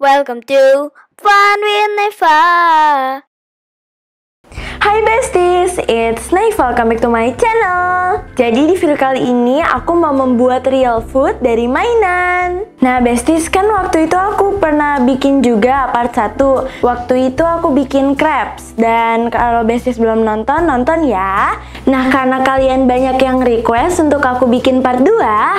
Welcome to Fun with Nefa. Hai besties, it's Nai, welcome back to my channel Jadi di video kali ini aku mau membuat real food dari mainan Nah besties, kan waktu itu aku pernah bikin juga part 1 Waktu itu aku bikin crepes Dan kalau besties belum nonton, nonton ya Nah karena kalian banyak yang request untuk aku bikin part 2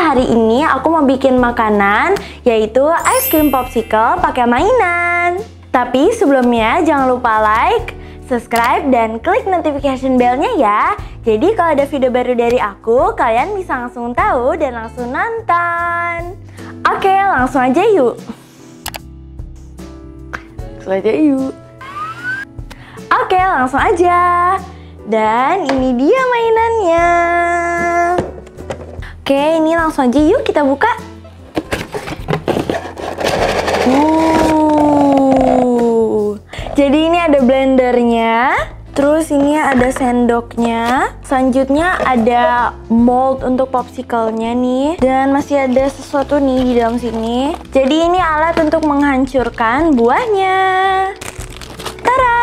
Hari ini aku mau bikin makanan Yaitu ice cream popsicle pakai mainan tapi sebelumnya jangan lupa like, subscribe dan klik notification bellnya ya. Jadi kalau ada video baru dari aku, kalian bisa langsung tahu dan langsung nonton. Oke, langsung aja yuk. Langsung aja yuk. Oke, langsung aja. Dan ini dia mainannya. Oke, ini langsung aja yuk kita buka. Jadi ini ada blendernya. Terus ini ada sendoknya, selanjutnya ada mold untuk popsicle-nya nih dan masih ada sesuatu nih di dalam sini. Jadi ini alat untuk menghancurkan buahnya. Tara!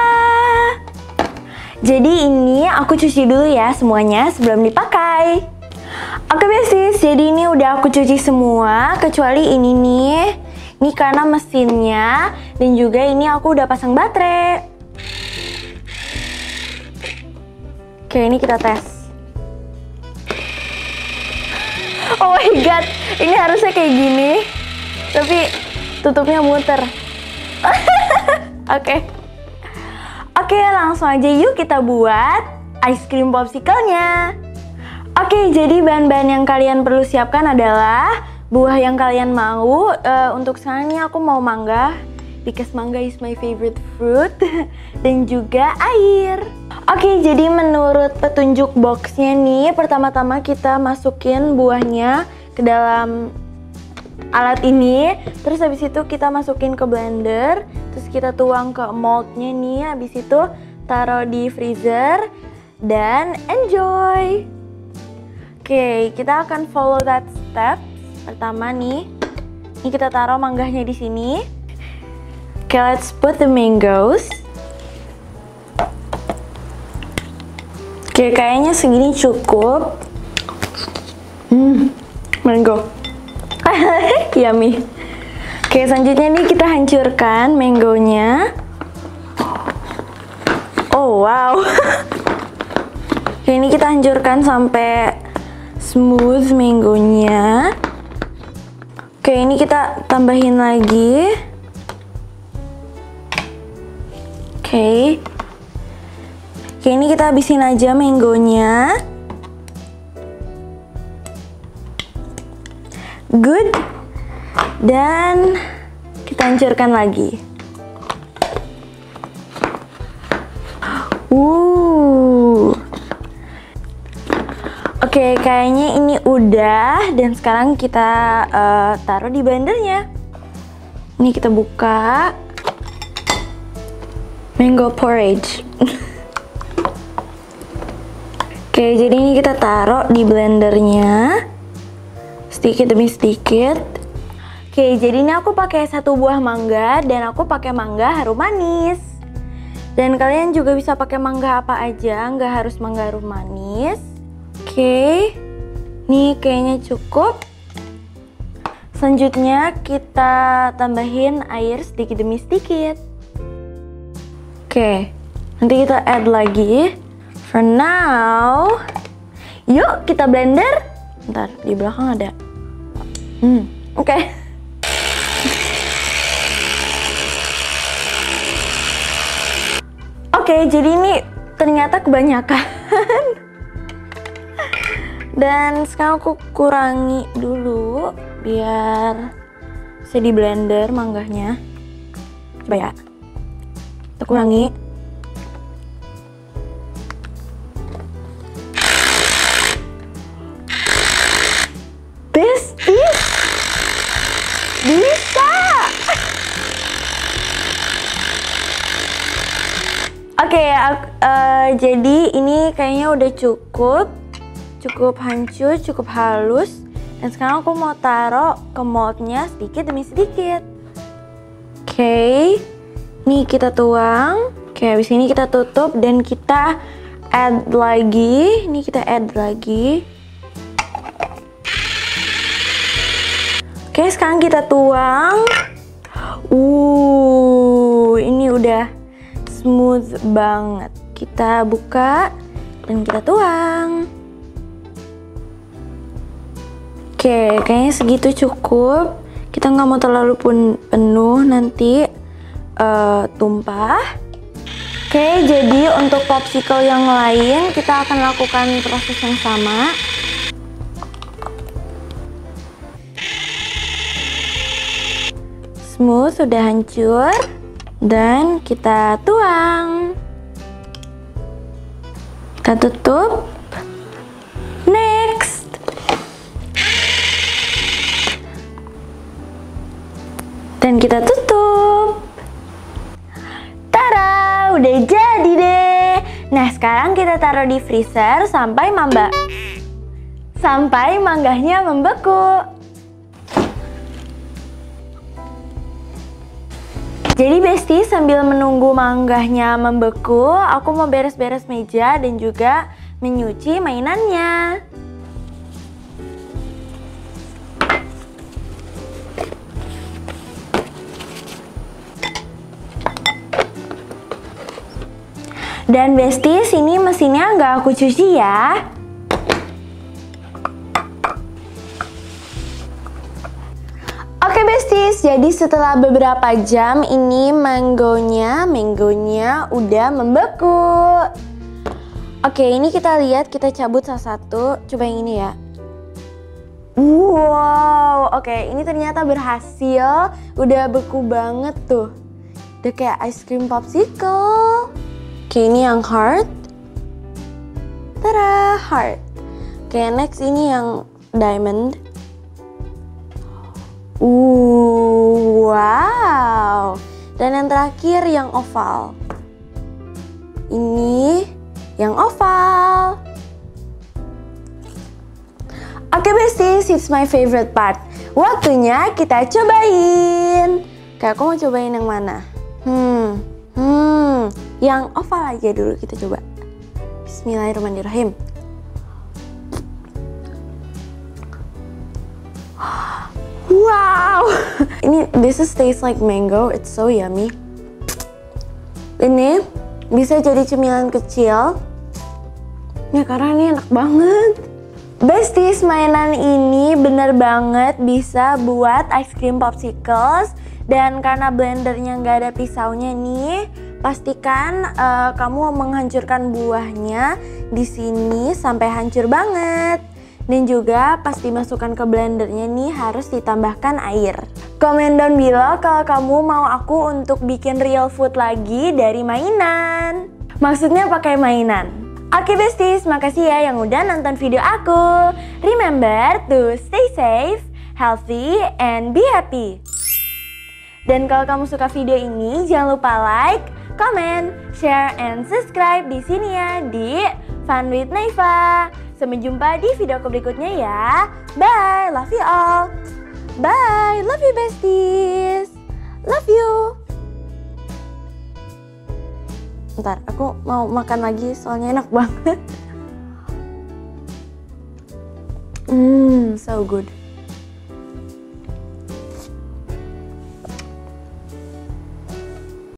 Jadi ini aku cuci dulu ya semuanya sebelum dipakai. Oke besis, jadi ini udah aku cuci semua kecuali ini nih ini karena mesinnya dan juga ini aku udah pasang baterai. Oke, ini kita tes. Oh my god, ini harusnya kayak gini. Tapi tutupnya muter. Oke. okay. Oke, okay, langsung aja yuk kita buat ice cream popsicle-nya. Oke, okay, jadi bahan-bahan yang kalian perlu siapkan adalah buah yang kalian mau. Uh, untuk sekarang ini aku mau mangga because mangga is my favorite fruit dan juga air. Oke, okay, jadi menurut petunjuk boxnya nih, pertama-tama kita masukin buahnya ke dalam alat ini. Terus habis itu kita masukin ke blender, terus kita tuang ke moldnya nih. Habis itu taruh di freezer dan enjoy. Oke, okay, kita akan follow that step. Pertama nih, ini kita taruh mangganya di sini. Okay, let's put the mangoes. Oke, okay, kayaknya segini cukup. Hmm, mango. Yummy. Oke, okay, selanjutnya nih kita hancurkan manggonya. Oh, wow. ini kita hancurkan sampai smooth manggonya. Oke, ini kita tambahin lagi. Oke. Oke, ini kita habisin aja manggonya. Good. Dan kita hancurkan lagi. Wow. Oke, okay, kayaknya ini udah dan sekarang kita uh, taruh di blendernya. Ini kita buka mango porridge. Oke, okay, jadi ini kita taruh di blendernya sedikit demi sedikit. Oke, okay, jadi ini aku pakai satu buah mangga dan aku pakai mangga harum manis. Dan kalian juga bisa pakai mangga apa aja, nggak harus mangga harum manis. Oke, ini kayaknya cukup. Selanjutnya kita tambahin air sedikit demi sedikit. Oke, nanti kita add lagi. For now, yuk kita blender. Ntar di belakang ada. Hmm, oke. Okay. Oke, okay, jadi ini ternyata kebanyakan. dan sekarang aku kurangi dulu biar bisa di blender manggahnya coba ya kita kurangi this bisa oke okay, uh, eh, jadi ini kayaknya udah cukup cukup hancur, cukup halus. Dan sekarang aku mau taruh ke moldnya sedikit demi sedikit. Oke, okay. nih kita tuang. Oke, okay, habis ini kita tutup dan kita add lagi. ini kita add lagi. Oke, sekarang kita tuang. Uh, ini udah smooth banget. Kita buka dan kita tuang. Oke, okay, kayaknya segitu cukup. Kita nggak mau terlalu pun penuh nanti uh, tumpah. Oke, okay, jadi untuk popsicle yang lain kita akan lakukan proses yang sama. Smooth sudah hancur dan kita tuang. Kita tutup. dan kita tutup. Tara, udah jadi deh. Nah, sekarang kita taruh di freezer sampai mamba sampai manggahnya membeku. Jadi Besti sambil menunggu manggahnya membeku, aku mau beres-beres meja dan juga menyuci mainannya. Dan besties, ini mesinnya nggak aku cuci ya. Oke besties, jadi setelah beberapa jam ini manggonya, manggonya udah membeku. Oke, ini kita lihat, kita cabut salah satu. Coba yang ini ya. Wow, oke ini ternyata berhasil. Udah beku banget tuh. Udah kayak ice cream popsicle. Oke, ini yang heart. Tada, heart. Oke, next ini yang diamond. Uh, wow. Dan yang terakhir yang oval. Ini yang oval. Oke besties, it's my favorite part. Waktunya kita cobain. Kayak aku mau cobain yang mana? Hmm, hmm yang oval aja dulu kita coba Bismillahirrahmanirrahim wow ini this is taste like mango it's so yummy ini bisa jadi cemilan kecil ya karena ini enak banget Besties, mainan ini bener banget bisa buat ice cream popsicles dan karena blendernya nggak ada pisaunya nih Pastikan uh, kamu menghancurkan buahnya di sini sampai hancur banget. Dan juga pas dimasukkan ke blendernya nih harus ditambahkan air. Komen down below kalau kamu mau aku untuk bikin real food lagi dari mainan. Maksudnya pakai mainan. Oke besties, makasih ya yang udah nonton video aku. Remember to stay safe, healthy, and be happy. Dan kalau kamu suka video ini, jangan lupa like, comment, share, and subscribe di sini ya di Fun with Naifa. Sampai jumpa di video aku berikutnya ya. Bye, love you all. Bye, love you besties. Love you. Ntar, aku mau makan lagi soalnya enak banget. Hmm, so good.